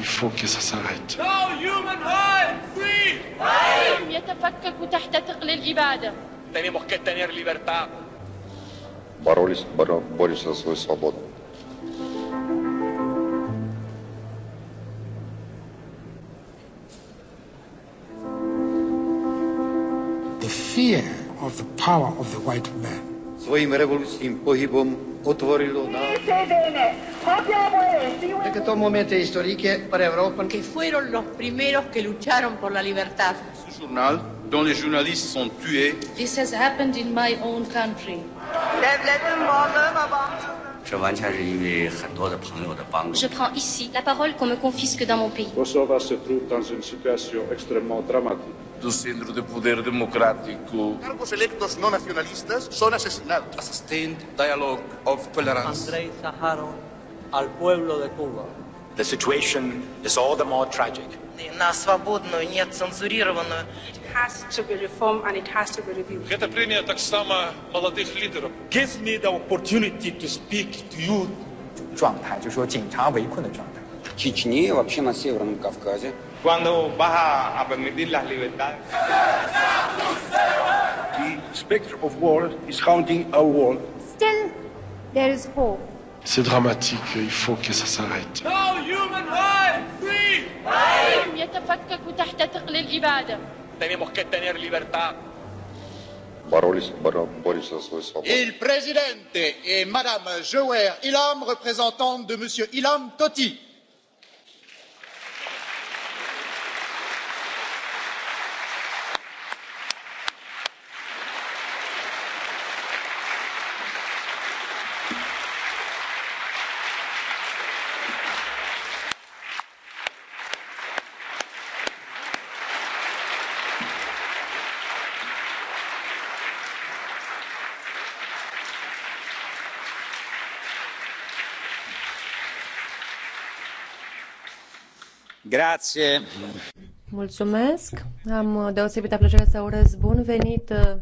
Il faut No human rights! يتفكك تحت ثقل الإبادة. Tenemos que tener libertad. Боролись, боролись The fear of the power of the white man. Своим революционным погибом отворило нам... De que todo momento histórico para Europa. Que fueron los primeros que lucharon por la libertad. Ce journal, dont les journalistes sont tués. This has happened in my own country. Je prends ici la parole qu'on me confisque dans mon pays. Kosovo se trouve dans une situation extrêmement dramatique. Du centre de pouvoir démocratique. Cargos electos non nacionalistas sont asesinados. A sustained dialogue of tolerance. Andrei Saharov al pueblo de Cuba. The situation is all the more tragic. На свободную, не цензурированную. It has to be reformed and it has to be reviewed. Эта премия так само молодых лидеров. Give me the opportunity to speak to you. 状态就是说警察围困的状态。Чечне, вообще на Северном Кавказе. Cuando vas a permitir las libertades. The specter of war is haunting our world. Still, there is hope. C'est dramatique, il faut que ça s'arrête. Il présidente et madame Jouer Ilham, représentante de monsieur Ilham Toti. Mulțumesc. Am deosebită plăcere să urez bun venit uh,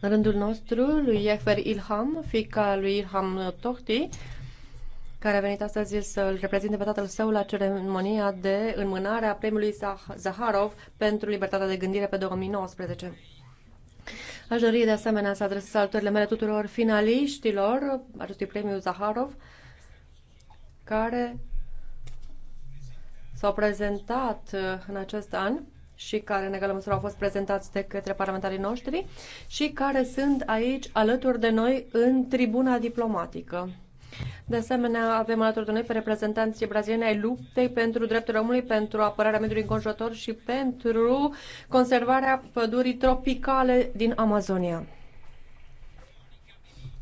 în rândul nostru lui Jehver Ilham, fiica lui Ilham Tohti, care a venit astăzi să îl reprezinte pe tatăl său la ceremonia de înmânare a premiului Zaharov pentru libertatea de gândire pe 2019. Aș dori de asemenea să adresez salutările mele tuturor finaliștilor acestui premiu Zaharov, care s-au prezentat uh, în acest an și care în egală măsură au fost prezentați de către parlamentarii noștri și care sunt aici alături de noi în tribuna diplomatică. De asemenea, avem alături de noi pe reprezentanții brazilieni ai luptei pentru drepturile omului, pentru apărarea mediului înconjurător și pentru conservarea pădurii tropicale din Amazonia.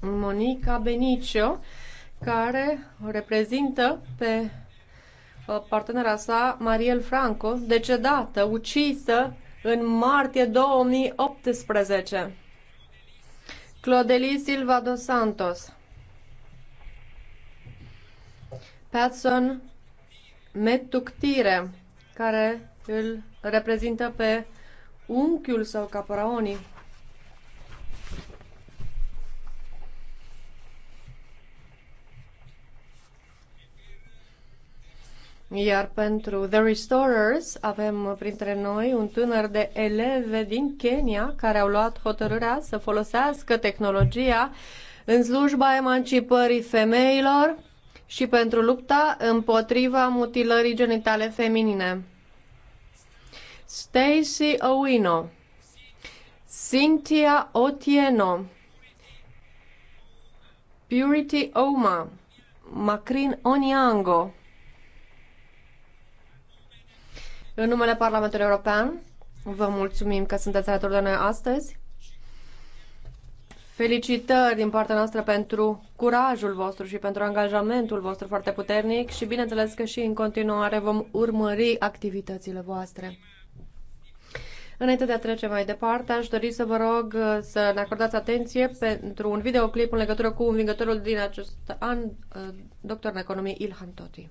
Monica Benicio, care reprezintă pe Uh, partenera sa, Mariel Franco, decedată, ucisă în martie 2018. Clodeli Silva dos Santos. Patson Metuctire, care îl reprezintă pe unchiul sau caporaonii. Iar pentru The Restorers avem printre noi un tânăr de eleve din Kenya care au luat hotărârea să folosească tehnologia în slujba emancipării femeilor și pentru lupta împotriva mutilării genitale feminine. Stacy Owino Cynthia Otieno Purity Oma Macrin Onyango În numele Parlamentului European, vă mulțumim că sunteți alături de noi astăzi. Felicitări din partea noastră pentru curajul vostru și pentru angajamentul vostru foarte puternic și bineînțeles că și în continuare vom urmări activitățile voastre. Înainte de a trece mai departe, aș dori să vă rog uh, să ne acordați atenție pentru un videoclip în legătură cu învingătorul din acest an, uh, doctor în economie Ilhan Toti.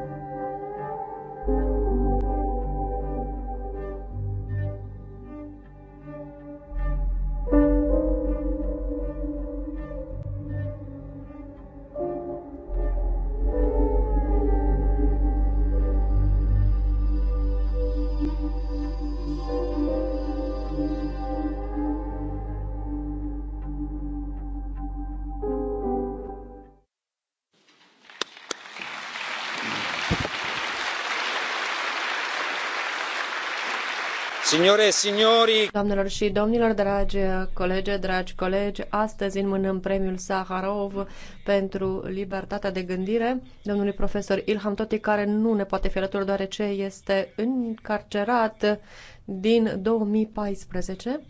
Signore, signori... Doamnelor și domnilor, dragi colegi, dragi colegi, astăzi înmânăm premiul Saharov pentru libertatea de gândire domnului profesor Ilham Toti, care nu ne poate fi alături deoarece este încarcerat din 2014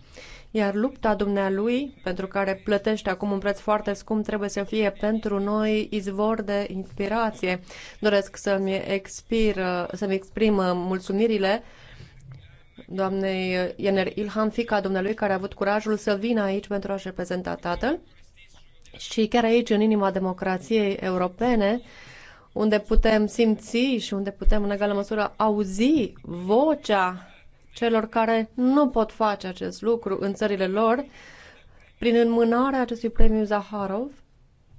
iar lupta dumnealui, pentru care plătește acum un preț foarte scump, trebuie să fie pentru noi izvor de inspirație. Doresc să-mi expir, să-mi exprim mulțumirile doamnei Iener Ilhan, fica dumnealui care a avut curajul să vină aici pentru a-și reprezenta tatăl. Și chiar aici, în inima democrației europene, unde putem simți și unde putem în egală măsură auzi vocea celor care nu pot face acest lucru în țările lor, prin înmânarea acestui premiu Zaharov,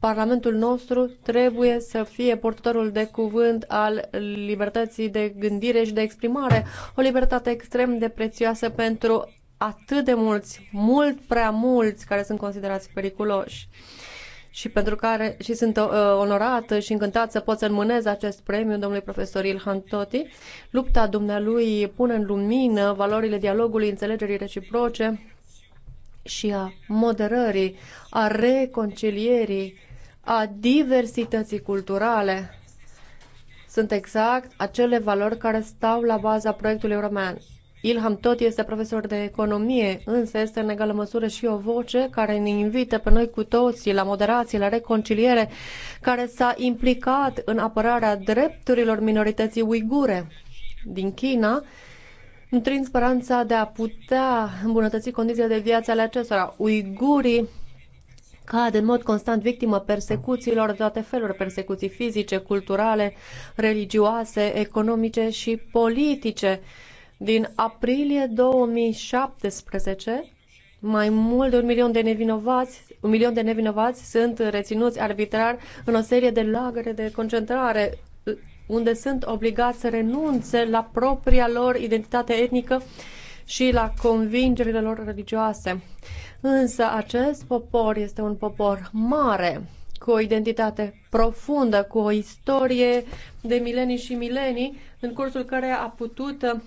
Parlamentul nostru trebuie să fie portătorul de cuvânt al libertății de gândire și de exprimare, o libertate extrem de prețioasă pentru atât de mulți, mult prea mulți care sunt considerați periculoși și pentru care și sunt uh, onorată și încântat să pot să înmânez acest premiu domnului profesor Ilhan Toti. Lupta dumnealui pune în lumină valorile dialogului, înțelegerii reciproce și a moderării, a reconcilierii a diversității culturale sunt exact acele valori care stau la baza proiectului european. Ilham tot este profesor de economie, însă este în egală măsură și o voce care ne invită pe noi cu toții la moderație, la reconciliere, care s-a implicat în apărarea drepturilor minorității uigure din China, nutrind speranța de a putea îmbunătăți condițiile de viață ale acestora. Uigurii cad în mod constant victimă persecuțiilor de toate felurile, persecuții fizice, culturale, religioase, economice și politice. Din aprilie 2017, mai mult de un milion de nevinovați, un milion de nevinovați sunt reținuți arbitrar în o serie de lagăre de concentrare unde sunt obligați să renunțe la propria lor identitate etnică și la convingerile lor religioase. Însă acest popor este un popor mare, cu o identitate profundă, cu o istorie de milenii și milenii, în cursul care a putut uh,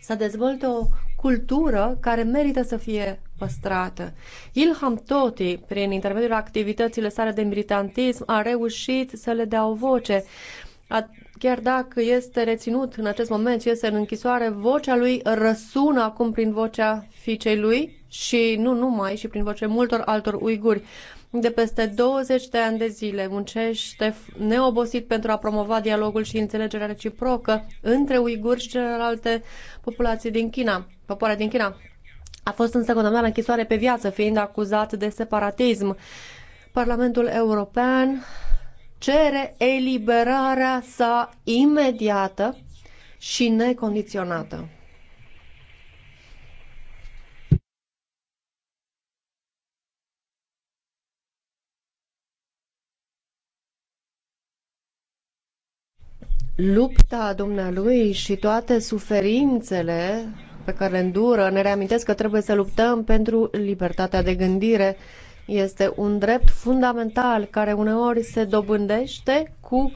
să dezvolte o cultură care merită să fie păstrată. Ilham Toti, prin intermediul activităților sale de militantism, a reușit să le dea o voce. A, chiar dacă este reținut în acest moment și este în închisoare, vocea lui răsună acum prin vocea fiicei lui și nu numai, și prin vocea multor altor uiguri. De peste 20 de ani de zile muncește neobosit pentru a promova dialogul și înțelegerea reciprocă între uiguri și celelalte populații din China, popoare din China. A fost însă condamnat la închisoare pe viață, fiind acuzat de separatism. Parlamentul European cere eliberarea sa imediată și necondiționată. Lupta dumnealui și toate suferințele pe care le îndură ne reamintesc că trebuie să luptăm pentru libertatea de gândire. Este un drept fundamental care uneori se dobândește cu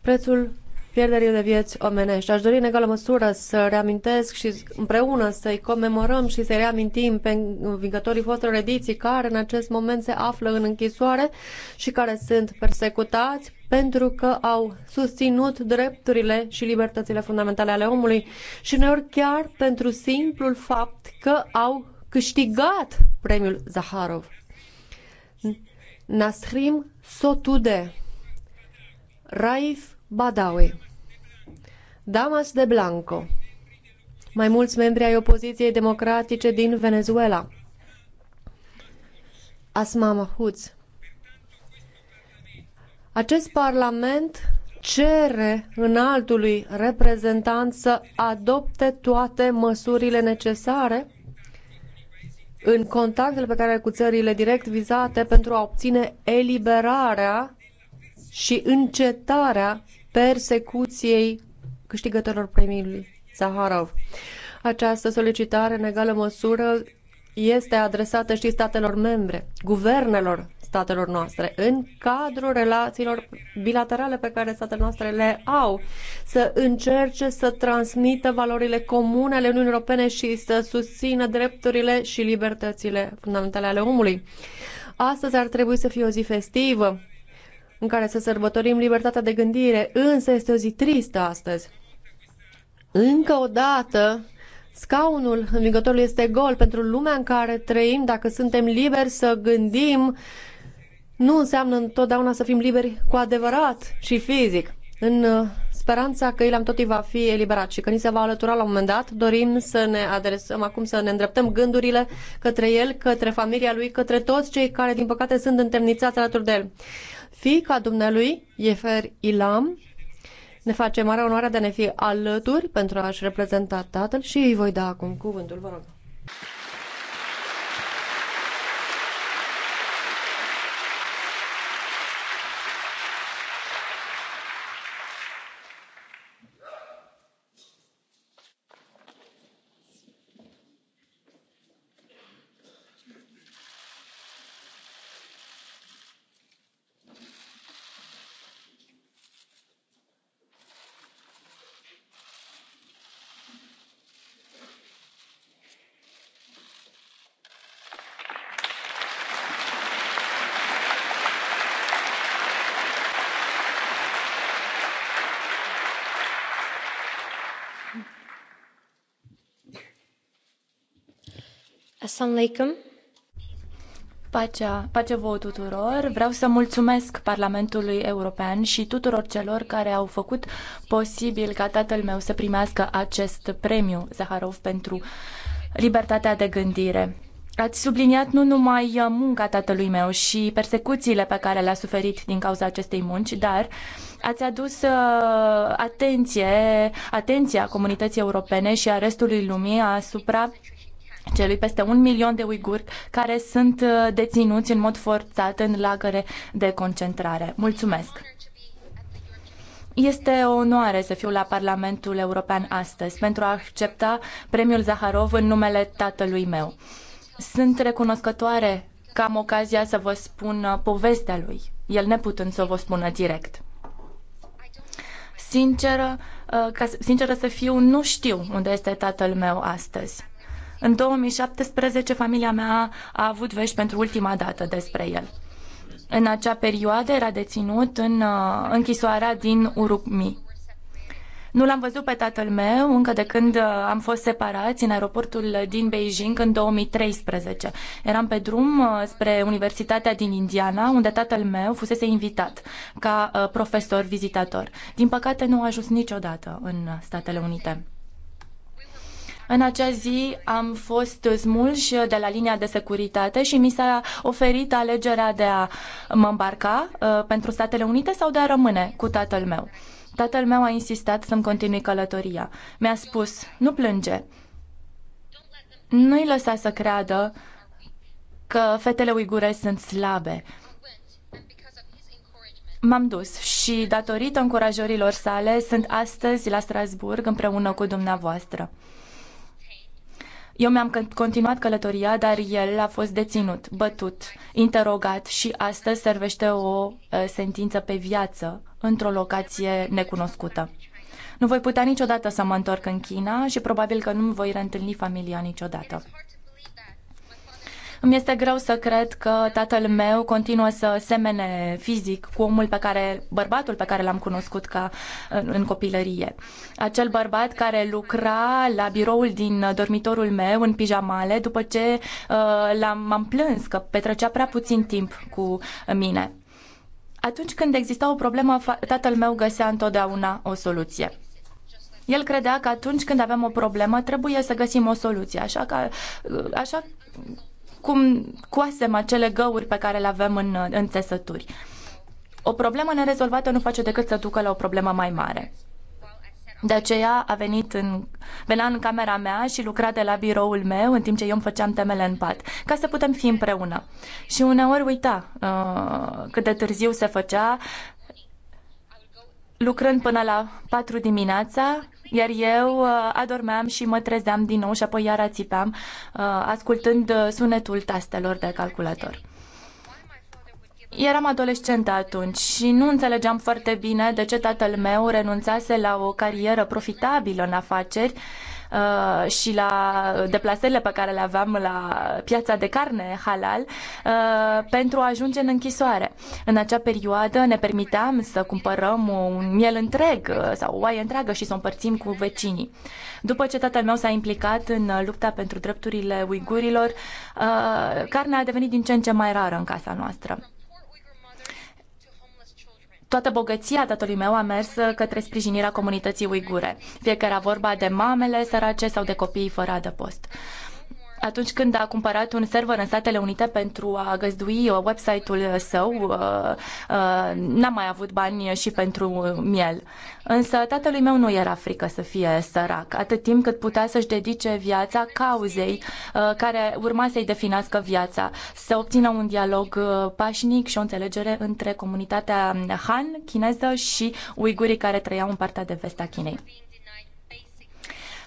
prețul pierderile de vieți omenești. Aș dori în egală măsură să reamintesc și împreună să-i comemorăm și să-i reamintim pe învingătorii fostelor ediții care în acest moment se află în închisoare și care sunt persecutați pentru că au susținut drepturile și libertățile fundamentale ale omului și uneori chiar pentru simplul fapt că au câștigat premiul Zaharov. Nasrim Sotude, Raif Badawi, Damas de Blanco, mai mulți membri ai opoziției democratice din Venezuela, Asma Mahuz. Acest parlament cere înaltului reprezentant să adopte toate măsurile necesare în contactele pe care le cu țările direct vizate pentru a obține eliberarea și încetarea persecuției câștigătorilor premiului Zaharov. Această solicitare, în egală măsură, este adresată și statelor membre, guvernelor statelor noastre, în cadrul relațiilor bilaterale pe care statele noastre le au, să încerce să transmită valorile comune ale Uniunii Europene și să susțină drepturile și libertățile fundamentale ale omului. Astăzi ar trebui să fie o zi festivă în care să sărbătorim libertatea de gândire, însă este o zi tristă astăzi. Încă o dată, scaunul învingătorului este gol pentru lumea în care trăim. Dacă suntem liberi să gândim, nu înseamnă întotdeauna să fim liberi cu adevărat și fizic. În uh, speranța că Ilham Toti va fi eliberat și că ni se va alătura la un moment dat, dorim să ne adresăm acum, să ne îndreptăm gândurile către el, către familia lui, către toți cei care, din păcate, sunt întemnițați alături de el fiica dumnealui, Yefer Ilam, ne face mare onoare de a ne fi alături pentru a-și reprezenta tatăl și îi voi da acum cuvântul, vă rog. alaikum. Pacea, pace vouă tuturor. Vreau să mulțumesc Parlamentului European și tuturor celor care au făcut posibil ca tatăl meu să primească acest premiu Zaharov pentru libertatea de gândire. Ați subliniat nu numai munca tatălui meu și persecuțiile pe care le-a suferit din cauza acestei munci, dar ați adus uh, atenție, atenția comunității europene și a restului lumii asupra celui peste un milion de uiguri care sunt uh, deținuți în mod forțat în lagăre de concentrare. Mulțumesc! Este o onoare să fiu la Parlamentul European astăzi pentru a accepta premiul Zaharov în numele tatălui meu. Sunt recunoscătoare că am ocazia să vă spun uh, povestea lui, el neputând să o vă spună direct. Sinceră, uh, ca, sinceră să fiu, nu știu unde este tatăl meu astăzi. În 2017, familia mea a avut vești pentru ultima dată despre el. În acea perioadă era deținut în uh, închisoarea din Urumqi. Nu l-am văzut pe tatăl meu încă de când uh, am fost separați în aeroportul din Beijing în 2013. Eram pe drum uh, spre Universitatea din Indiana, unde tatăl meu fusese invitat ca profesor vizitator. Din păcate nu a ajuns niciodată în Statele Unite. În acea zi am fost smulși de la linia de securitate și mi s-a oferit alegerea de a mă îmbarca uh, pentru Statele Unite sau de a rămâne cu tatăl meu. Tatăl meu a insistat să-mi continui călătoria. Mi-a spus, nu plânge. Nu-i lăsa să creadă că fetele uigure sunt slabe. M-am dus și, datorită încurajărilor sale, sunt astăzi la Strasburg împreună cu dumneavoastră. Eu mi-am continuat călătoria, dar el a fost deținut, bătut, interogat și astăzi servește o uh, sentință pe viață într-o locație necunoscută. Nu voi putea niciodată să mă întorc în China și probabil că nu-mi voi reîntâlni familia niciodată. Îmi este greu să cred că tatăl meu continuă să semene fizic cu omul pe care, bărbatul pe care l-am cunoscut ca în, în copilărie. Acel bărbat care lucra la biroul din dormitorul meu în pijamale după ce uh, l-am, m-am plâns că petrecea prea puțin timp cu mine. Atunci când exista o problemă, tatăl meu găsea întotdeauna o soluție. El credea că atunci când avem o problemă, trebuie să găsim o soluție. Așa că, uh, așa cum coasem acele găuri pe care le avem în, în țesături. O problemă nerezolvată nu face decât să ducă la o problemă mai mare. De aceea a venit în, venea în camera mea și lucra de la biroul meu în timp ce eu îmi făceam temele în pat, ca să putem fi împreună. Și uneori uita uh, cât de târziu se făcea, lucrând până la 4 dimineața, iar eu uh, adormeam și mă trezeam din nou și apoi iar ațipeam, uh, ascultând uh, sunetul tastelor de calculator. Eram adolescentă atunci și nu înțelegeam foarte bine de ce tatăl meu renunțase la o carieră profitabilă în afaceri uh, Uh, și la deplasările pe care le aveam la piața de carne halal uh, pentru a ajunge în închisoare. În acea perioadă ne permiteam să cumpărăm un miel întreg uh, sau o oaie întreagă și să o împărțim cu vecinii. După ce tatăl meu s-a implicat în lupta pentru drepturile uigurilor, uh, carnea a devenit din ce în ce mai rară în casa noastră toată bogăția tatălui meu a mers uh, către sprijinirea comunității uigure, fie că era vorba de mamele sărace sau de copiii fără adăpost atunci când a cumpărat un server în Statele Unite pentru a găzdui uh, website-ul său, uh, uh, n-a mai avut bani și pentru miel. Însă tatălui meu nu era frică să fie sărac, atât timp cât putea să-și dedice viața cauzei care urma să-i definească viața, să obțină un dialog pașnic și o înțelegere între comunitatea Han chineză și uigurii care trăiau în partea de vest a Chinei.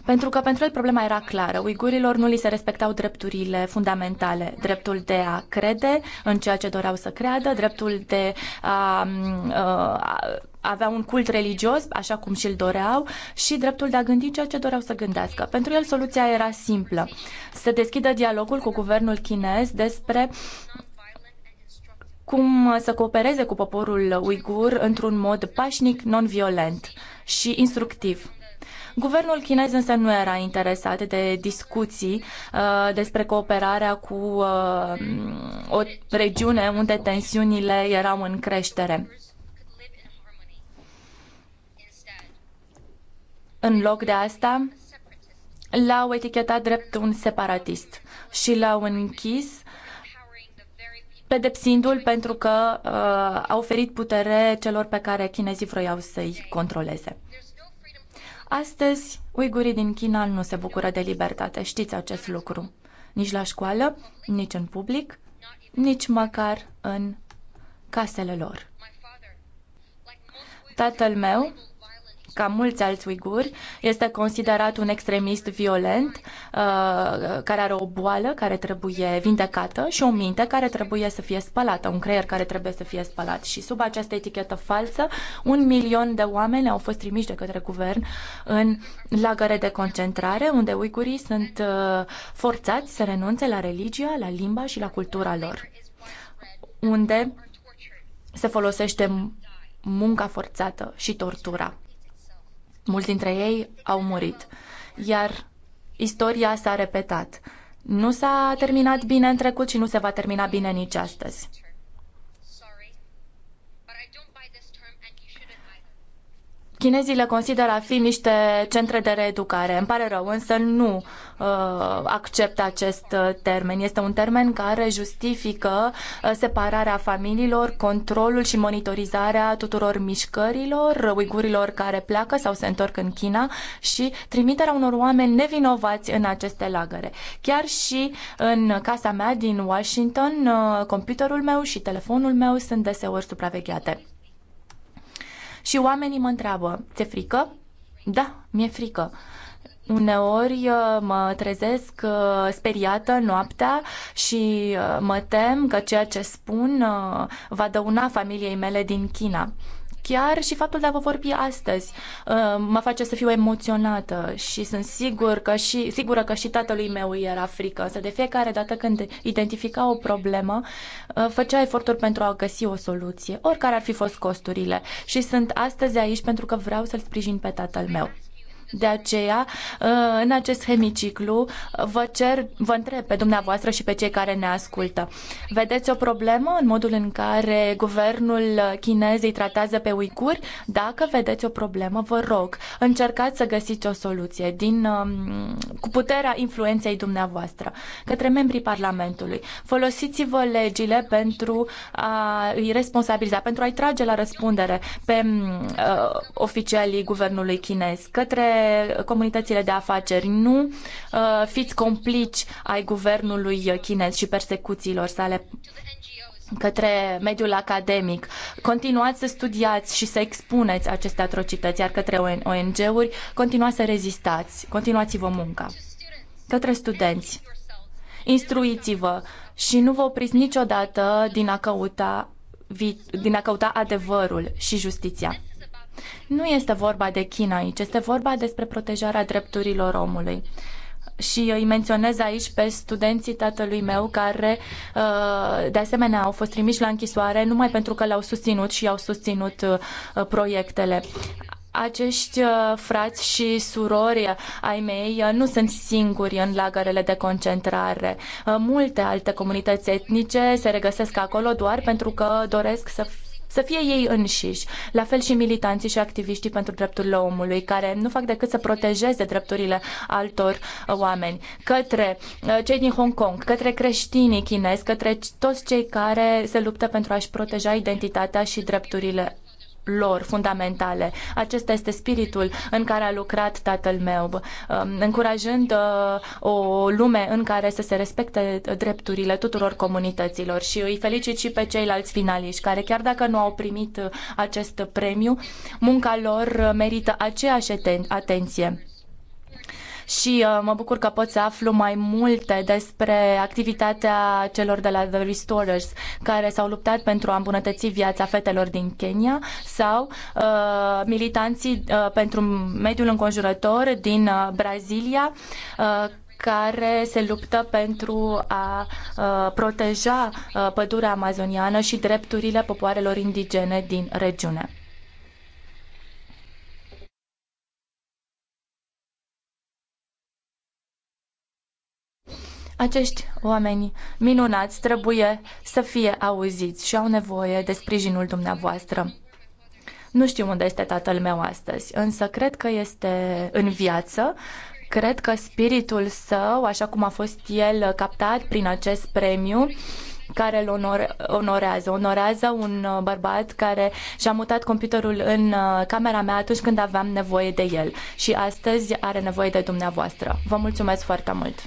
Pentru că pentru el problema era clară. Uigurilor nu li se respectau drepturile fundamentale. Dreptul de a crede în ceea ce doreau să creadă, dreptul de a, mm, ă, a avea un cult religios, așa cum și-l doreau, și dreptul de a gândi ceea ce doreau să gândească. Pentru el soluția era simplă. Să deschidă dialogul cu guvernul chinez despre cum să coopereze cu poporul uigur într-un mod pașnic, non-violent și instructiv. Guvernul chinez însă nu era interesat de discuții uh, despre cooperarea cu uh, o regiune unde tensiunile erau în creștere. În loc de asta, l-au etichetat drept un separatist și l-au închis pedepsindu-l pentru că uh, a oferit putere celor pe care chinezii vroiau să-i controleze. Astăzi, uigurii din China nu se bucură de libertate, știți acest lucru. Nici la școală, nici în public, nici măcar în casele lor. Tatăl meu, ca mulți alți uiguri, este considerat un extremist violent uh, care are o boală care trebuie vindecată și o minte care trebuie să fie spălată, un creier care trebuie să fie spălat. Și sub această etichetă falsă, un milion de oameni au fost trimiși de către guvern în lagăre de concentrare, unde uigurii sunt uh, forțați să renunțe la religia, la limba și la cultura lor. Unde se folosește munca forțată și tortura. Mulți dintre ei au murit, iar istoria s-a repetat. Nu s-a terminat bine în trecut și nu se va termina bine nici astăzi. Chinezii le consideră a fi niște centre de reeducare. Îmi pare rău, însă nu uh, accept acest uh, termen. Este un termen care justifică uh, separarea familiilor, controlul și monitorizarea tuturor mișcărilor uigurilor care pleacă sau se întorc în China și trimiterea unor oameni nevinovați în aceste lagăre. Chiar și în casa mea din Washington, uh, computerul meu și telefonul meu sunt deseori supravegheate. Și oamenii mă întreabă, ți-e frică? Da, mi-e frică. Uneori uh, mă trezesc uh, speriată noaptea și uh, mă tem că ceea ce spun va dăuna familiei mele din China. Chiar și faptul de a vă vorbi astăzi uh, mă face să fiu emoționată și sunt sigur că și, sigură că și tatălui meu era frică. Însă de fiecare dată când identifica o problemă, uh, făcea eforturi pentru a găsi o soluție, oricare ar fi fost costurile. Și sunt astăzi aici pentru că vreau să-l sprijin pe tatăl meu. De aceea, ă, în acest hemiciclu, vă cer, vă întreb pe dumneavoastră și pe cei care ne ascultă. Vedeți o problemă în modul în care guvernul chinez îi tratează pe uicuri? Dacă vedeți o problemă, vă rog, încercați să găsiți o soluție din, ă, cu puterea influenței dumneavoastră către membrii Parlamentului. Folosiți-vă legile pentru a îi responsabiliza, pentru a-i trage la răspundere pe uh, oficialii guvernului chinez către comunitățile de afaceri, nu uh, fiți complici ai guvernului chinez și persecuțiilor sale către mediul academic. Continuați să studiați și să expuneți aceste atrocități, iar către ONG-uri continuați să rezistați, continuați-vă munca. Către studenți, instruiți-vă și nu vă opriți niciodată din a căuta, din a căuta adevărul și justiția. Nu este vorba de China aici, este vorba despre protejarea drepturilor omului și îi menționez aici pe studenții tatălui meu care uh, de asemenea au fost trimiși la închisoare numai pentru că l-au susținut și au susținut uh, proiectele. Acești uh, frați și surori ai mei nu sunt singuri în lagărele de concentrare. Multe alte comunități etnice se regăsesc acolo doar pentru că doresc să să fie ei înșiși, la fel și militanții și activiștii pentru drepturile omului, care nu fac decât să protejeze drepturile altor uh, oameni, către uh, cei din Hong Kong, către creștinii chinezi, către toți cei care se luptă pentru a-și proteja identitatea și drepturile lor fundamentale. Acesta este spiritul în care a lucrat tatăl meu, um, încurajând uh, o lume în care să se respecte drepturile tuturor comunităților și îi felicit și pe ceilalți finaliști care, chiar dacă nu au primit uh, acest premiu, munca lor merită aceeași atenție și uh, mă bucur că pot să aflu mai multe despre activitatea celor de la The Restorers care s-au luptat pentru a îmbunătăți viața fetelor din Kenya sau uh, militanții uh, pentru mediul înconjurător din uh, Brazilia uh, care se luptă pentru a uh, proteja uh, pădurea amazoniană și drepturile popoarelor indigene din regiune. Acești oameni minunați trebuie să fie auziți și au nevoie de sprijinul dumneavoastră. Nu știu unde este tatăl meu astăzi, însă cred că este în viață, cred că spiritul său, așa cum a fost el captat prin acest premiu, care îl onore- onorează. Onorează un bărbat care și-a mutat computerul în uh, camera mea atunci când aveam nevoie de el și astăzi are nevoie de dumneavoastră. Vă mulțumesc foarte mult!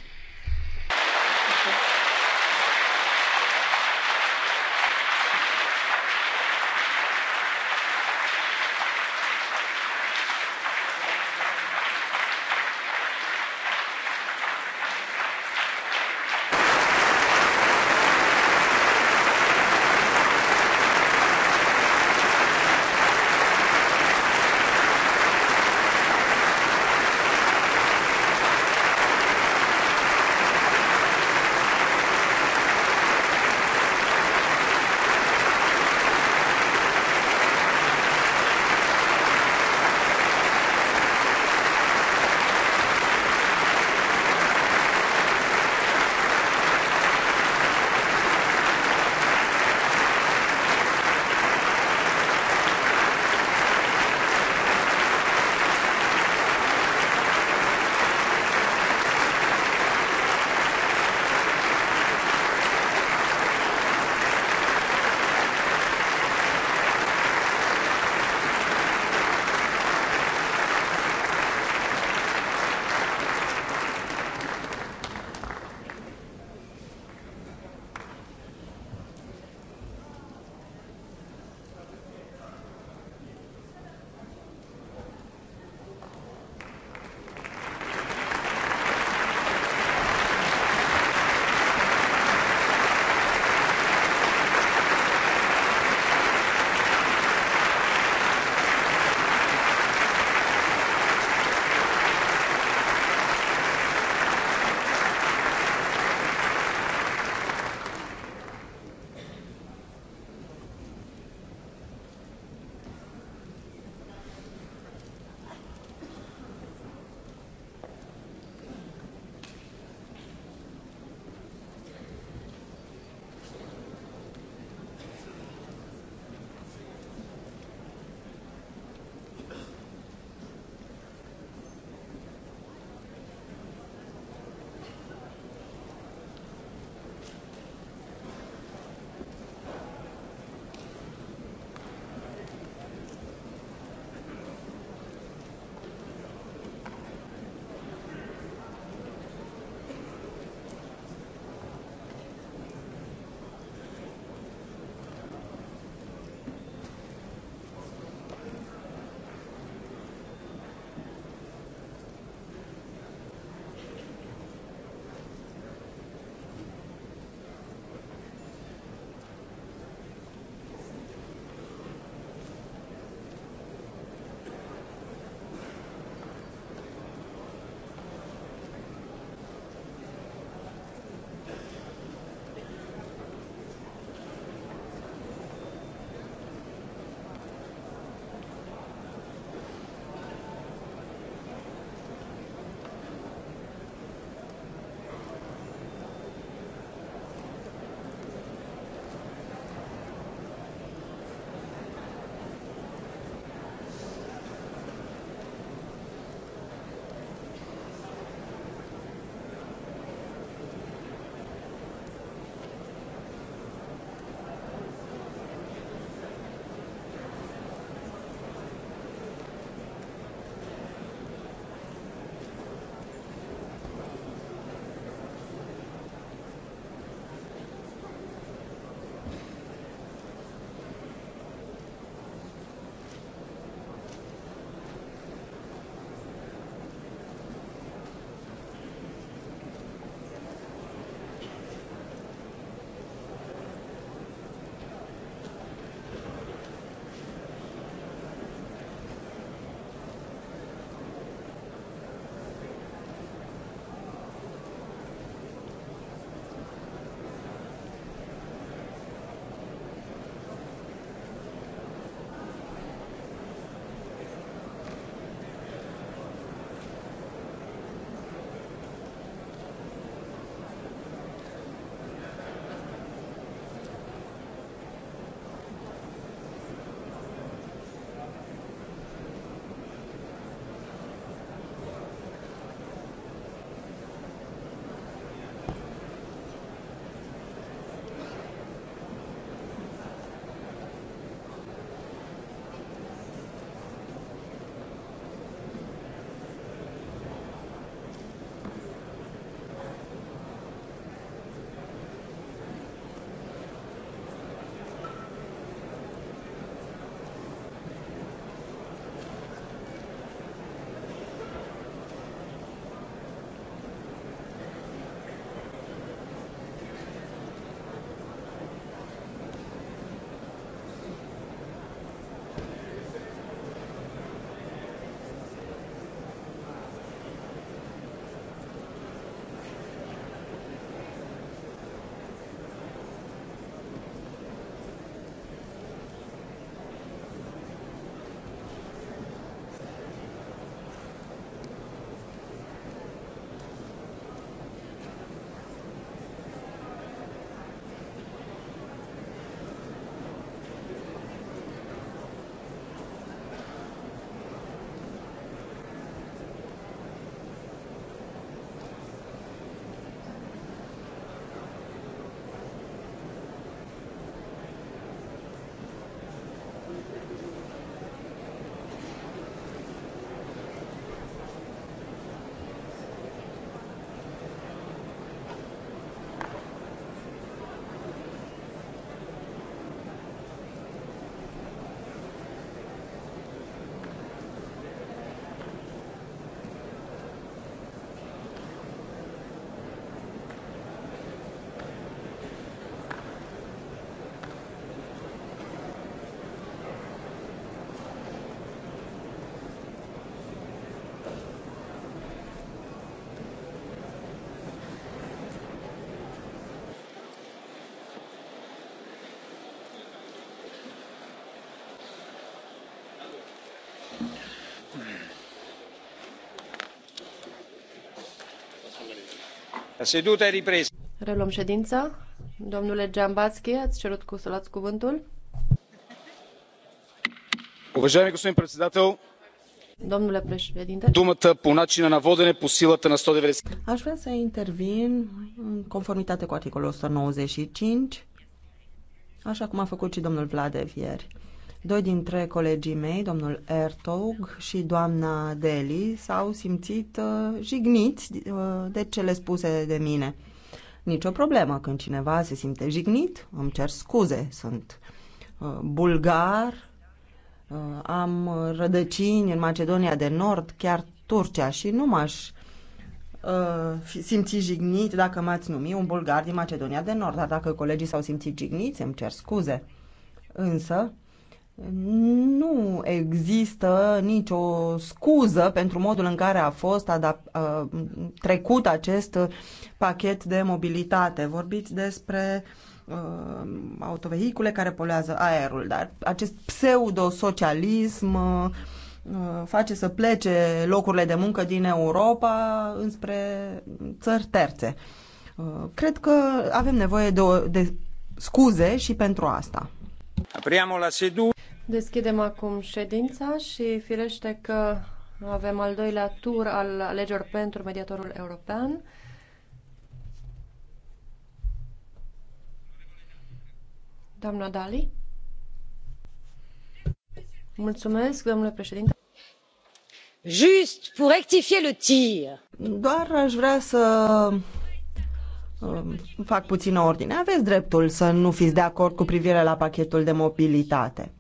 Seduta e ripresa. Reluăm ședința. Domnule Giambatski, ați cerut cu să luați cuvântul. Уважаеми господин председател, Domnule președinte, думата по начина на водене по силата на 190. Aș vrea să intervin în conformitate cu articolul 195, așa cum a făcut și domnul Vladev ieri. Doi dintre colegii mei, domnul Ertog și doamna Deli, s-au simțit uh, jigniți uh, de cele spuse de mine. Nicio problemă, când cineva se simte jignit, îmi cer scuze, sunt uh, bulgar, uh, am rădăcini în Macedonia de Nord, chiar Turcia și nu m-aș uh, simți jignit dacă m-ați numi un bulgar din Macedonia de Nord, dar dacă colegii s-au simțit jigniți, îmi cer scuze. Însă, nu există nicio scuză pentru modul în care a fost uh, trecut acest pachet de mobilitate. Vorbiți despre uh, autovehicule care poluează aerul, dar acest pseudo-socialism uh, face să plece locurile de muncă din Europa înspre țări terțe. Uh, cred că avem nevoie de, o, de scuze și pentru asta. Apriamo la sedu Deschidem acum ședința și firește că avem al doilea tur al alegerilor pentru mediatorul european. Doamna Dali. Mulțumesc, domnule președinte Just pour rectifier le tir. Doar aș vrea să um, fac puțină ordine. Aveți dreptul să nu fiți de acord cu privire la pachetul de mobilitate.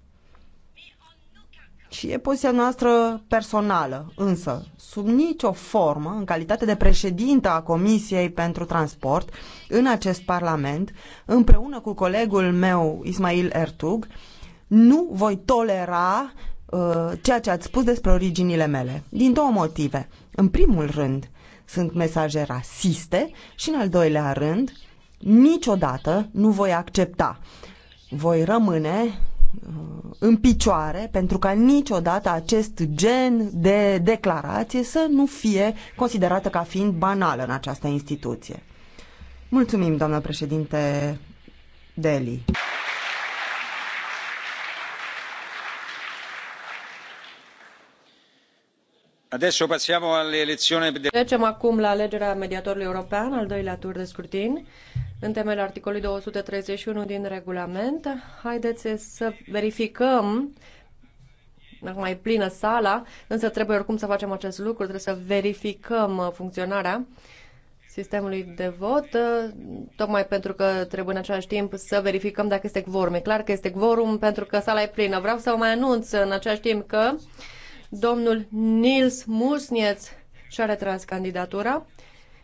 Și e poziția noastră personală, însă, sub nicio formă, în calitate de președintă a Comisiei pentru Transport, în acest Parlament, împreună cu colegul meu, Ismail Ertug, nu voi tolera uh, ceea ce ați spus despre originile mele. Din două motive. În primul rând, sunt mesaje rasiste și, în al doilea rând, niciodată nu voi accepta. Voi rămâne Uh, în picioare pentru ca niciodată acest gen de declarație să nu fie considerată ca fiind banală în această instituție. Mulțumim, doamnă președinte Deli. Trecem acum la alegerea mediatorului european, al doilea tur de scrutin, în temeiul articolului 231 din regulament. Haideți să verificăm mai e plină sala, însă trebuie oricum să facem acest lucru, trebuie să verificăm funcționarea sistemului de vot, tocmai pentru că trebuie în același timp să verificăm dacă este quorum. E clar că este quorum pentru că sala e plină. Vreau să o mai anunț în același timp că Domnul Nils Musnieț și-a retras candidatura,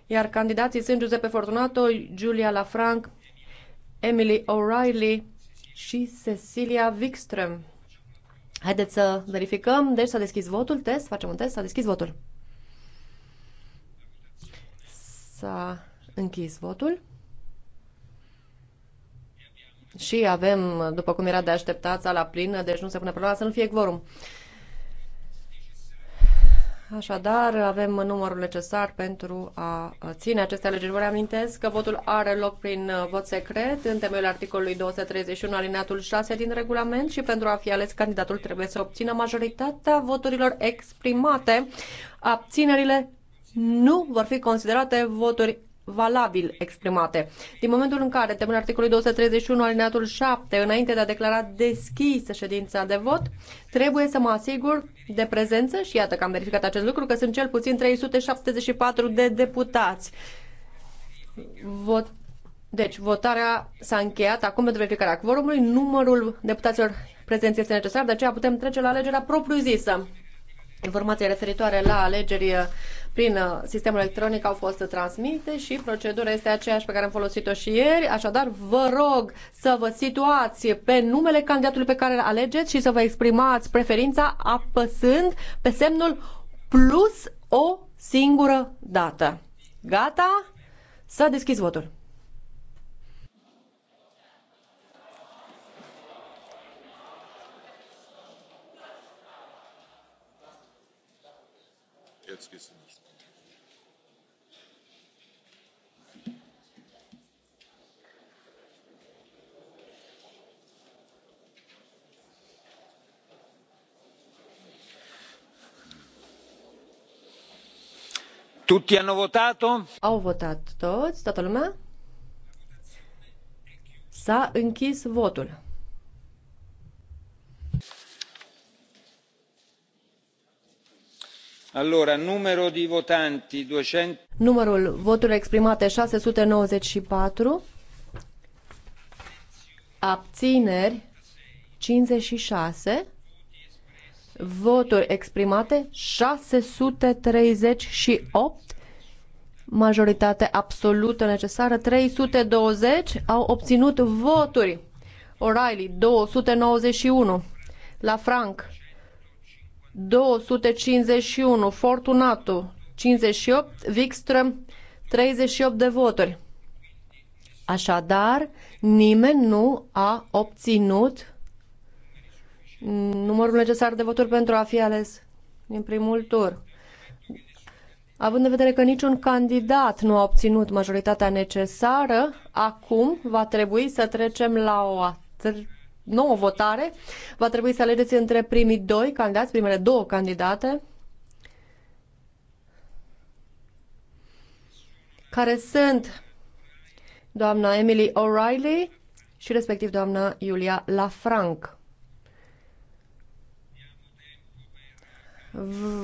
iar candidații sunt Giuseppe Fortunato, Giulia Lafranc, Emily O'Reilly și Cecilia Wikström. Haideți să verificăm. Deci s-a deschis votul. Test. Facem un test. S-a deschis votul. S-a închis votul. Și avem, după cum era de așteptat, sala plină, deci nu se pune problema să nu fie quorum. Așadar, avem numărul necesar pentru a ține aceste alegeri. Vă reamintesc că votul are loc prin uh, vot secret în temeiul articolului 231 alineatul 6 din regulament și pentru a fi ales candidatul trebuie să obțină majoritatea voturilor exprimate. Abținerile nu vor fi considerate voturi valabil exprimate. Din momentul în care, temul articolului 231 alineatul 7, înainte de a declara deschisă ședința de vot, trebuie să mă asigur de prezență și iată că am verificat acest lucru, că sunt cel puțin 374 de deputați. Vot deci, votarea s-a încheiat acum pentru verificarea quorumului. Numărul deputaților prezenți este necesar, de aceea putem trece la alegerea propriu-zisă. Informația referitoare la alegeri prin uh, sistemul electronic au fost transmise și procedura este aceeași pe care am folosit-o și ieri. Așadar, vă rog să vă situați pe numele candidatului pe care îl alegeți și să vă exprimați preferința apăsând pe semnul plus o singură dată. Gata? Să deschizi votul. votul. jetzt Tutti hanno votato? Au votat toți, toată lumea? S-a închis votul. Allora, numero di votanti 200... Numărul voturilor exprimate 694. Abțineri 56 voturi exprimate, 638, majoritate absolută necesară, 320 au obținut voturi. O'Reilly 291, La Frank 251, Fortunato 58, Wikström 38 de voturi. Așadar, nimeni nu a obținut numărul necesar de voturi pentru a fi ales din primul tur. Având în vedere că niciun candidat nu a obținut majoritatea necesară, acum va trebui să trecem la o nouă votare. Va trebui să alegeți între primii doi candidați, primele două candidate, care sunt doamna Emily O'Reilly și respectiv doamna Julia Lafranc.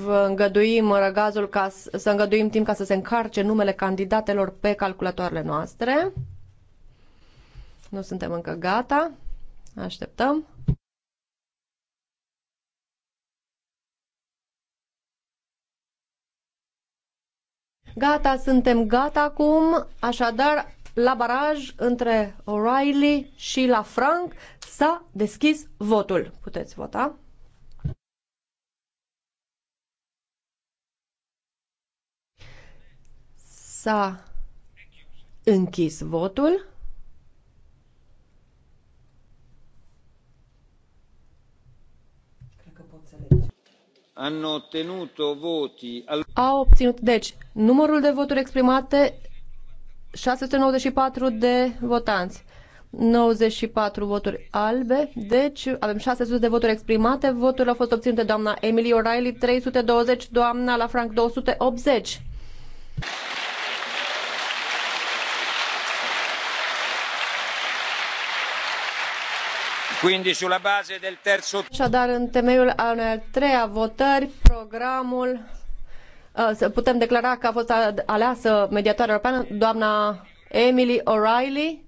vă îngăduim răgazul ca să îngăduim timp ca să se încarce numele candidatelor pe calculatoarele noastre. Nu suntem încă gata. Așteptăm. Gata, suntem gata acum, așadar la baraj între O'Reilly și la Frank s-a deschis votul. Puteți vota. S-a închis votul. A obținut, deci, numărul de voturi exprimate 694 de votanți. 94 voturi albe, deci avem 600 de voturi exprimate, voturile au fost obținute doamna Emily O'Reilly 320, doamna Frank 280. Așadar, în temeiul a unei al treia votări, programul uh, putem declara că a fost aleasă mediatoarea europeană doamna Emily O'Reilly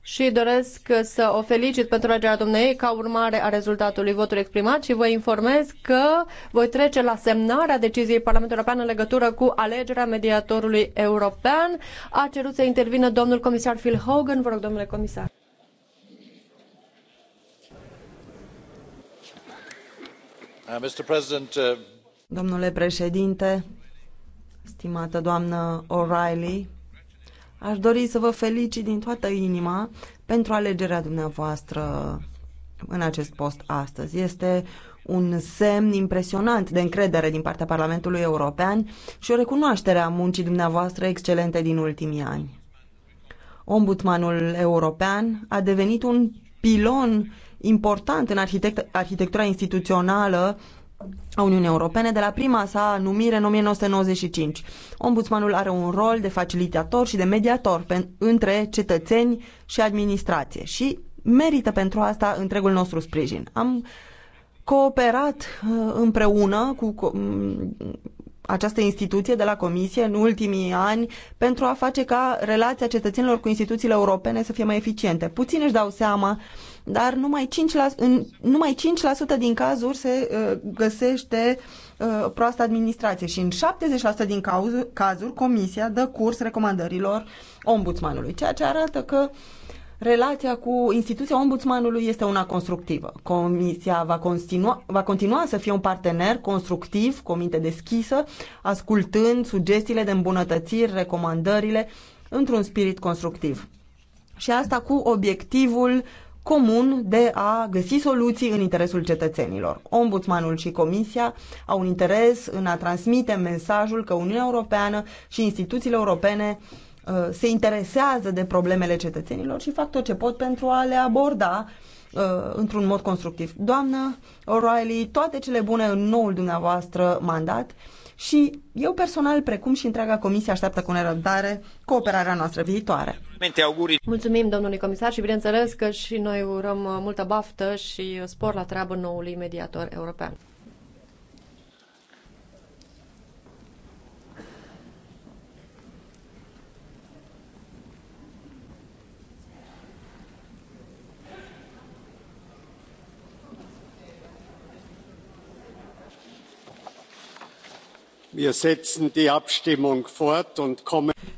și doresc să o felicit pentru alegerea dumneei ca urmare a rezultatului votului exprimat și vă informez că voi trece la semnarea deciziei Parlamentului European în legătură cu alegerea mediatorului european. A cerut să intervină domnul comisar Phil Hogan. Vă rog, domnule comisar. Uh, uh, Domnule președinte, stimată doamnă O'Reilly, aș dori să vă felicit din toată inima pentru alegerea dumneavoastră în acest post astăzi. Este un semn impresionant de încredere din partea Parlamentului European și o recunoaștere a muncii dumneavoastră excelente din ultimii ani. Ombudsmanul european a devenit un pilon important în arhitect- arhitectura instituțională a Uniunii Europene de la prima sa numire în 1995. Ombudsmanul are un rol de facilitator și de mediator pe, între cetățeni și administrație și merită pentru asta întregul nostru sprijin. Am cooperat uh, împreună cu această instituție de la Comisie în ultimii ani pentru a face ca relația cetățenilor cu instituțiile europene să fie mai eficiente. Puțin își dau seama dar numai 5%, în numai 5% din cazuri se uh, găsește uh, proastă administrație și în 70% din cauz, cazuri comisia dă curs recomandărilor ombudsmanului, ceea ce arată că relația cu instituția ombudsmanului este una constructivă. Comisia va continua, va continua să fie un partener constructiv, cu o minte deschisă, ascultând sugestiile de îmbunătățiri, recomandările, într-un spirit constructiv. Și asta cu obiectivul comun de a găsi soluții în interesul cetățenilor. Ombudsmanul și Comisia au un interes în a transmite mesajul că Uniunea Europeană și instituțiile europene uh, se interesează de problemele cetățenilor și fac tot ce pot pentru a le aborda uh, într-un mod constructiv. Doamnă O'Reilly, toate cele bune în noul dumneavoastră mandat și eu personal, precum și întreaga comisie, așteaptă cu nerăbdare cooperarea noastră viitoare. Mulțumim, domnului comisar, și bineînțeles că și noi urăm uh, multă baftă și uh, spor la treabă noului mediator european.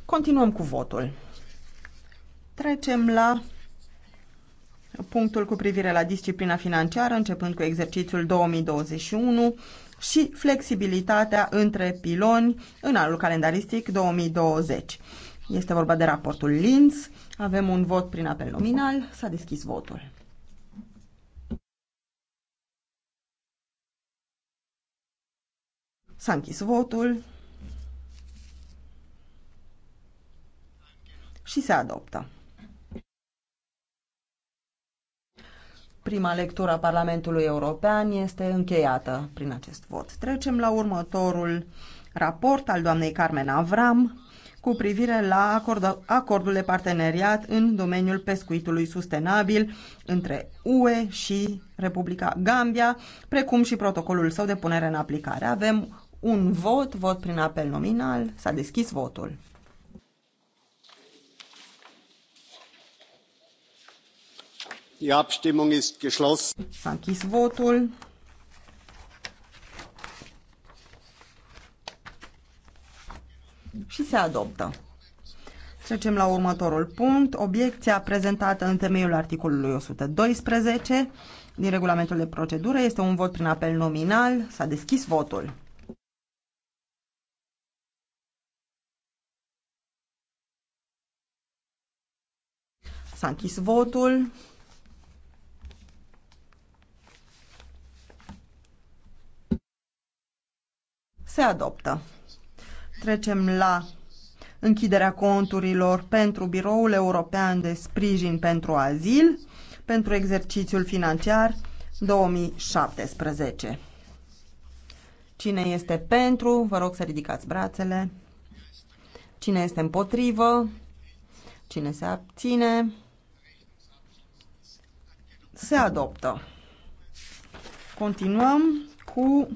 Continuăm cu votul. Trecem la punctul cu privire la disciplina financiară, începând cu exercițiul 2021 și flexibilitatea între piloni în anul calendaristic 2020. Este vorba de raportul Linz. Avem un vot prin apel nominal. S-a deschis votul. S-a închis votul și se adoptă. Prima lectură a Parlamentului European este încheiată prin acest vot. Trecem la următorul raport al doamnei Carmen Avram cu privire la acord, acordul de parteneriat în domeniul pescuitului sustenabil între UE și Republica Gambia, precum și protocolul său de punere în aplicare. Avem un vot, vot prin apel nominal, s-a deschis votul. Die Abstimmung ist geschlossen. S-a închis votul. Și se adoptă. Trecem la următorul punct. Obiecția prezentată în temeiul articolului 112 din regulamentul de procedură este un vot prin apel nominal. S-a deschis votul. S-a închis votul. Se adoptă. Trecem la închiderea conturilor pentru Biroul European de Sprijin pentru Azil pentru exercițiul financiar 2017. Cine este pentru, vă rog să ridicați brațele. Cine este împotrivă, cine se abține. Se adoptă. Continuăm cu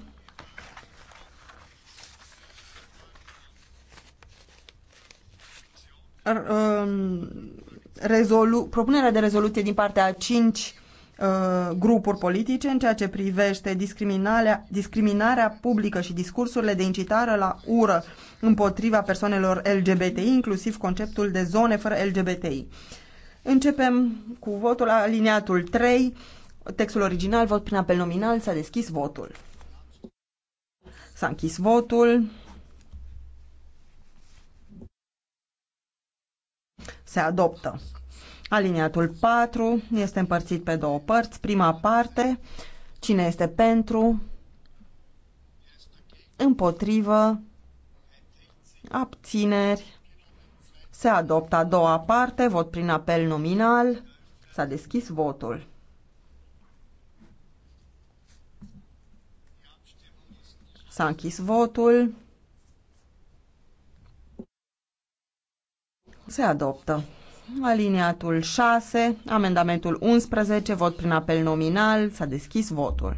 um, rezolu- propunerea de rezoluție din partea a cinci uh, grupuri politice în ceea ce privește discriminarea, discriminarea publică și discursurile de incitare la ură împotriva persoanelor LGBTI, inclusiv conceptul de zone fără LGBTI. Începem cu votul la aliniatul 3. Textul original, vot prin apel nominal, s-a deschis votul. S-a închis votul. Se adoptă. Aliniatul 4 este împărțit pe două părți. Prima parte, cine este pentru, împotrivă, abțineri, se adoptă a doua parte, vot prin apel nominal. S-a deschis votul. S-a închis votul. Se adoptă. Aliniatul 6, amendamentul 11, vot prin apel nominal, s-a deschis votul.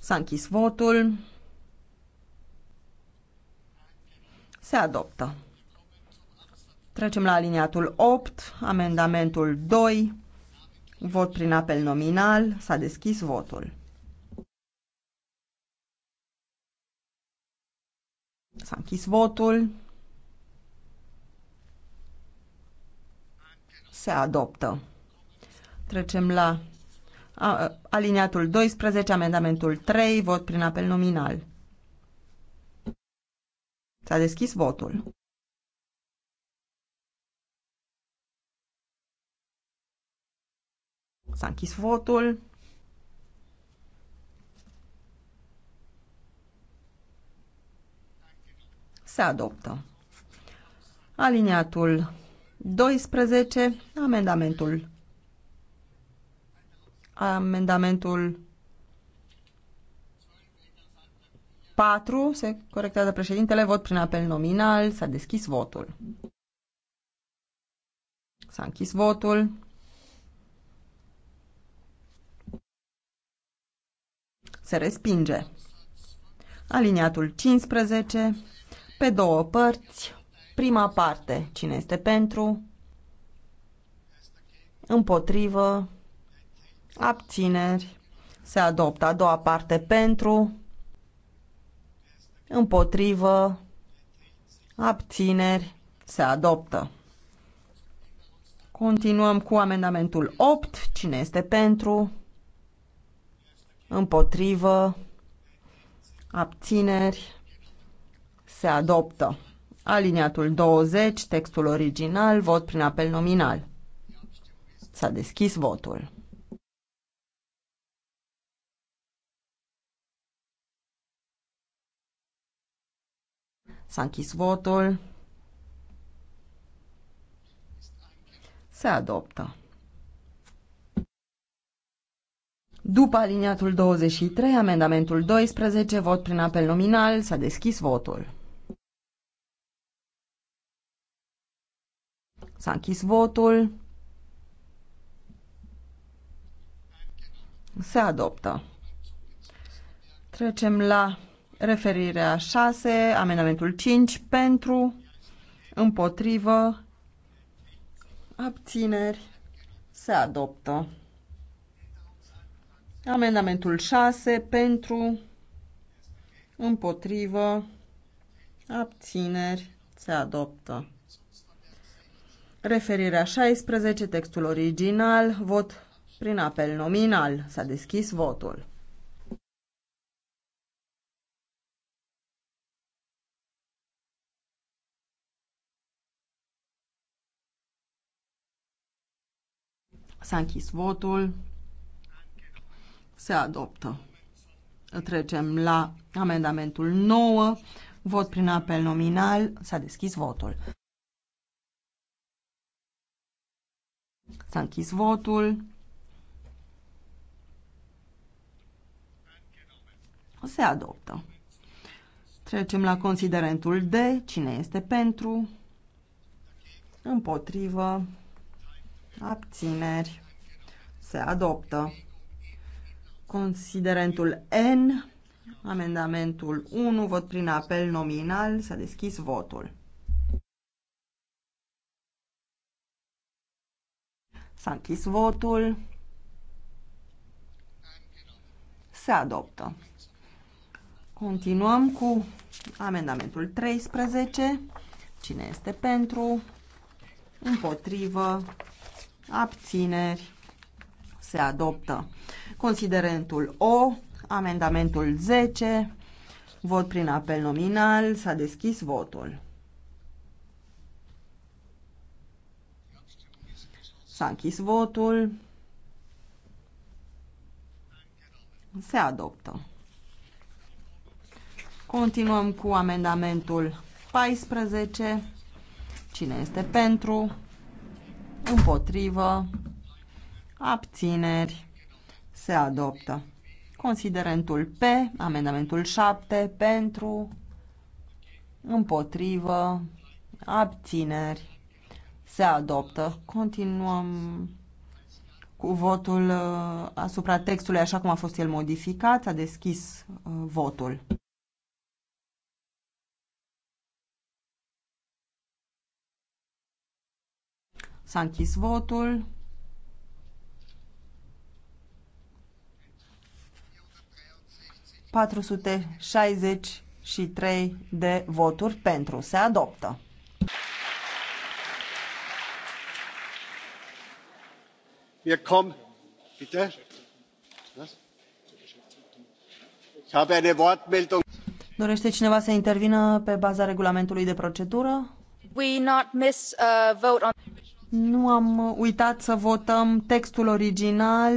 S-a închis votul. Se adoptă. Trecem la aliniatul 8, amendamentul 2, vot prin apel nominal, s-a deschis votul. S-a închis votul. Se adoptă. Trecem la a, aliniatul 12, amendamentul 3, vot prin apel nominal. S-a deschis votul. S-a închis votul. Se adoptă. Aliniatul 12, amendamentul. Amendamentul 4, se corectează președintele, vot prin apel nominal, s-a deschis votul. S-a închis votul. Se respinge. Aliniatul 15, pe două părți, prima parte, cine este pentru, împotrivă, abțineri, se adoptă a doua parte pentru, împotrivă, abțineri, se adoptă. Continuăm cu amendamentul 8. Cine este pentru? Împotrivă, abțineri, se adoptă. Aliniatul 20, textul original, vot prin apel nominal. S-a deschis votul. S-a închis votul. Se adoptă. După aliniatul 23, amendamentul 12, vot prin apel nominal, s-a deschis votul. S-a închis votul. Se adoptă. Trecem la Referirea 6, amendamentul 5, pentru, împotrivă, abțineri, se adoptă. Amendamentul 6, pentru, împotrivă, abțineri, se adoptă. Referirea 16, textul original, vot prin apel nominal. S-a deschis votul. S-a închis votul. Se adoptă. Trecem la amendamentul 9. Vot prin apel nominal. S-a deschis votul. S-a închis votul. Se adoptă. Trecem la considerentul D. Cine este pentru? Împotrivă abțineri, se adoptă. Considerentul N, amendamentul 1, vot prin apel nominal, s-a deschis votul. S-a închis votul. Se adoptă. Continuăm cu amendamentul 13. Cine este pentru? Împotrivă? abțineri, se adoptă. Considerentul O, amendamentul 10, vot prin apel nominal, s-a deschis votul. S-a închis votul. Se adoptă. Continuăm cu amendamentul 14. Cine este pentru? împotrivă, abțineri, se adoptă. Considerentul P, amendamentul 7, pentru, împotrivă, abțineri, se adoptă. Continuăm cu votul uh, asupra textului așa cum a fost el modificat. a deschis uh, votul. S-a închis votul. și trei de voturi pentru. Se adoptă. Wir kommen. Bitte? Was? Ich habe eine Wortmeldung. Dorește cineva să intervină pe baza regulamentului de procedură? We not miss a uh, vote on nu am uitat să votăm textul original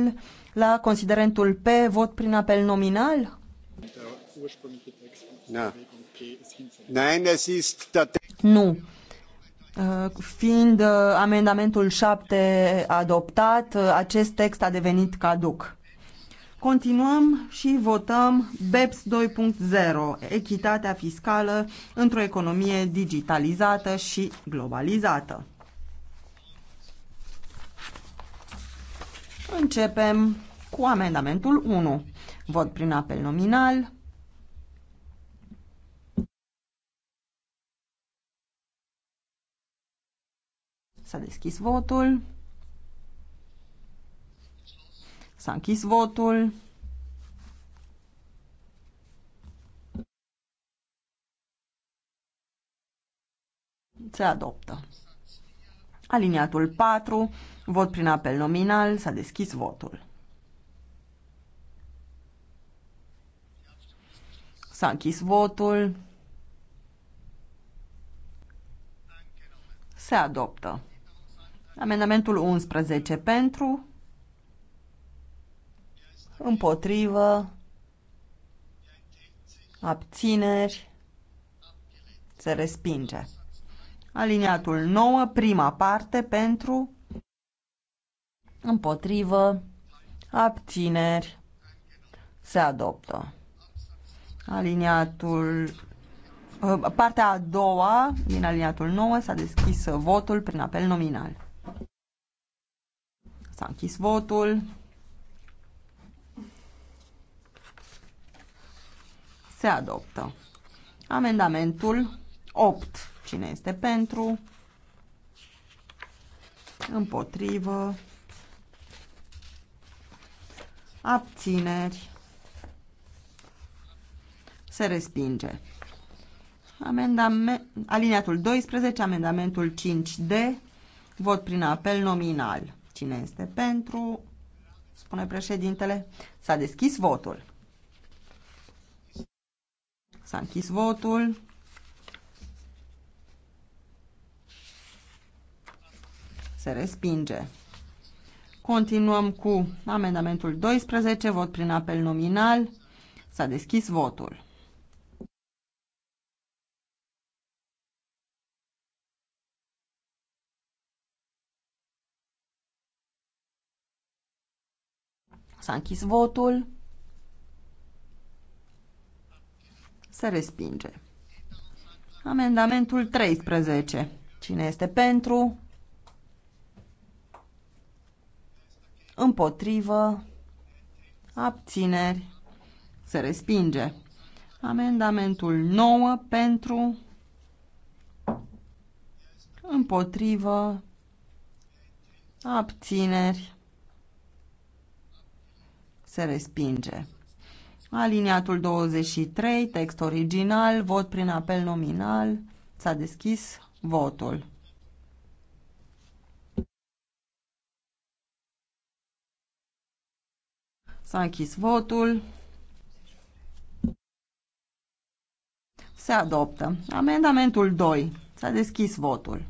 la considerentul P, vot prin apel nominal? Nu. Uh, fiind uh, amendamentul 7 adoptat, uh, acest text a devenit caduc. Continuăm și votăm BEPS 2.0, echitatea fiscală într-o economie digitalizată și globalizată. Începem cu amendamentul 1. Vot prin apel nominal. S-a deschis votul. S-a închis votul. Se adoptă. Aliniatul 4, vot prin apel nominal, s-a deschis votul. S-a închis votul. Se adoptă. Amendamentul 11 pentru, împotrivă, abțineri, se respinge. Aliniatul 9, prima parte, pentru, împotrivă, abțineri, se adoptă. Aliniatul, uh, partea a doua din aliniatul 9 s-a deschis votul prin apel nominal. S-a închis votul. Se adoptă. Amendamentul 8 Cine este pentru? Împotrivă. Abțineri. Se respinge. Amendament, aliniatul 12, amendamentul 5D, vot prin apel nominal. Cine este pentru? Spune președintele. S-a deschis votul. S-a închis votul. se respinge. Continuăm cu amendamentul 12, vot prin apel nominal. S-a deschis votul. S-a închis votul. Se respinge. Amendamentul 13. Cine este pentru? împotrivă, abțineri, se respinge. Amendamentul 9 pentru, împotrivă, abțineri, se respinge. Aliniatul 23, text original, vot prin apel nominal, s-a deschis votul. S-a închis votul. Se adoptă. Amendamentul 2. S-a deschis votul.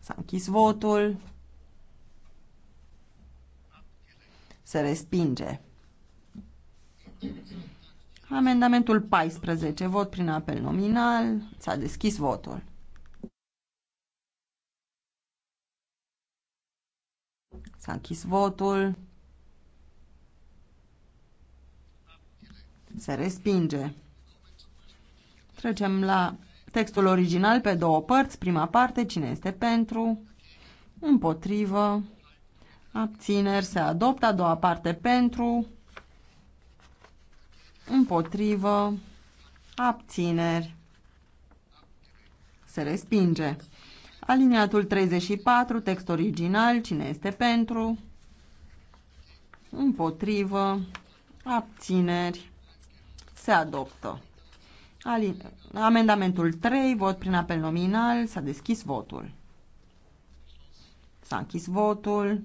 S-a închis votul. Se respinge. Amendamentul 14. Vot prin apel nominal. S-a deschis votul. S-a închis votul. Se respinge. Trecem la textul original pe două părți. Prima parte, cine este pentru, împotrivă, abțineri, se adoptă. A doua parte, pentru, împotrivă, abțineri, se respinge. Aliniatul 34, text original, cine este pentru? Împotrivă, abțineri, se adoptă. Alin... Amendamentul 3, vot prin apel nominal, s-a deschis votul. S-a închis votul.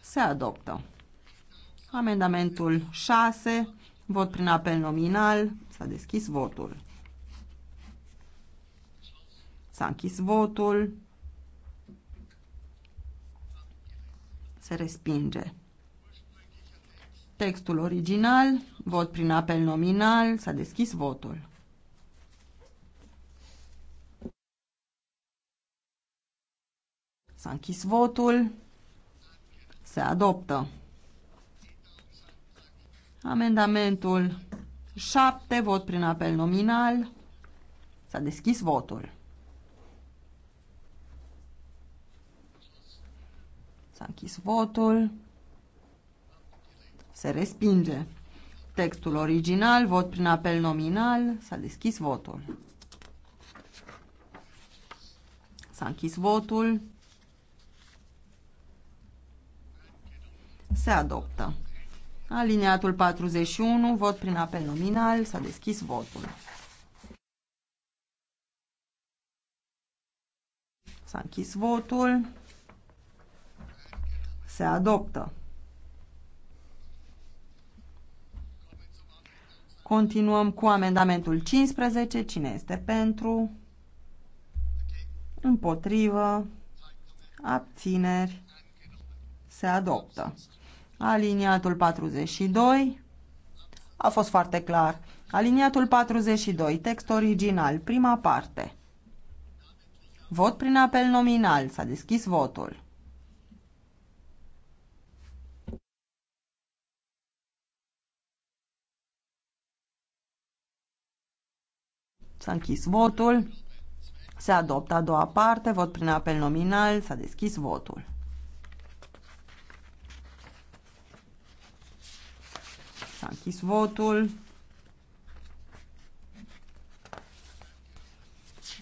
Se adoptă. Amendamentul 6, vot prin apel nominal, s-a deschis votul. S-a închis votul. Se respinge. Textul original, vot prin apel nominal, s-a deschis votul. S-a închis votul. Se adoptă. Amendamentul 7, vot prin apel nominal. S-a deschis votul. S-a închis votul. Se respinge. Textul original, vot prin apel nominal, s-a deschis votul. S-a închis votul. Se adoptă. Aliniatul 41, vot prin apel nominal, s-a deschis votul. S-a închis votul. Se adoptă. Continuăm cu amendamentul 15. Cine este pentru? Împotrivă. Abțineri. Se adoptă. Aliniatul 42. A fost foarte clar. Aliniatul 42. Text original. Prima parte. Vot prin apel nominal. S-a deschis votul. S-a închis votul. Se adoptă a doua parte, vot prin apel nominal, s-a deschis votul. S-a închis votul.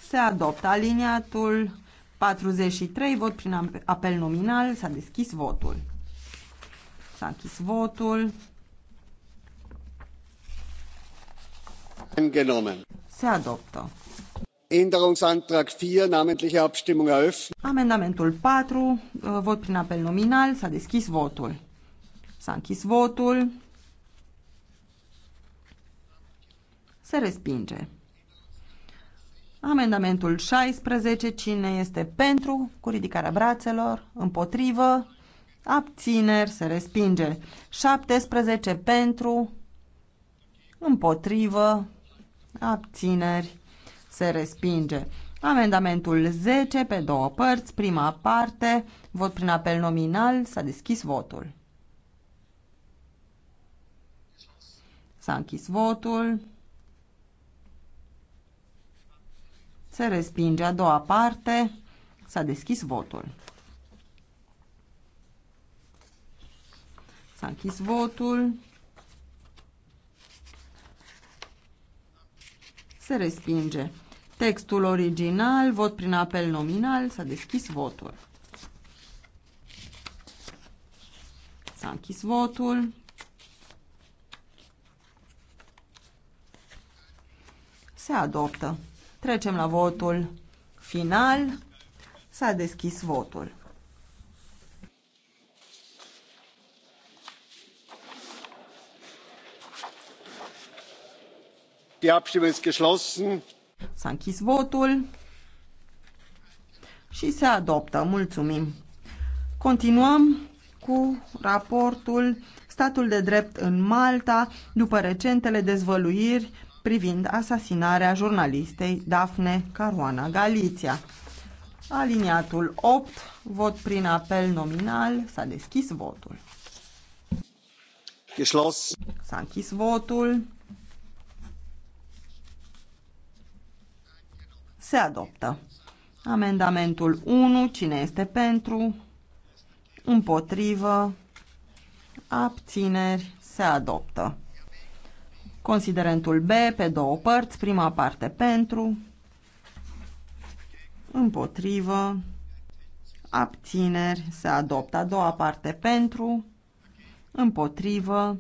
Se adoptă aliniatul 43, vot prin apel nominal, s-a deschis votul. S-a închis votul. Se adoptă. Amendamentul 4, uh, vot prin apel nominal, s-a deschis votul. S-a închis votul. Se respinge. Amendamentul 16. Cine este pentru? Cu ridicarea brațelor. Împotrivă. Abțineri. Se respinge. 17. Pentru. Împotrivă abțineri, se respinge. Amendamentul 10 pe două părți, prima parte, vot prin apel nominal, s-a deschis votul. S-a închis votul. Se respinge a doua parte, s-a deschis votul. S-a închis votul. se respinge. Textul original, vot prin apel nominal, s-a deschis votul. S-a închis votul. Se adoptă. Trecem la votul final. S-a deschis votul. Die Abstimmung ist geschlossen. S-a închis votul și se adoptă. Mulțumim. Continuăm cu raportul Statul de drept în Malta după recentele dezvăluiri privind asasinarea jurnalistei Dafne Caruana Galiția. Aliniatul 8, vot prin apel nominal, s-a deschis votul. S-a închis votul se adoptă. Amendamentul 1, cine este pentru, împotrivă, abțineri, se adoptă. Considerentul B, pe două părți, prima parte pentru, împotrivă, abțineri, se adoptă. A doua parte pentru, împotrivă,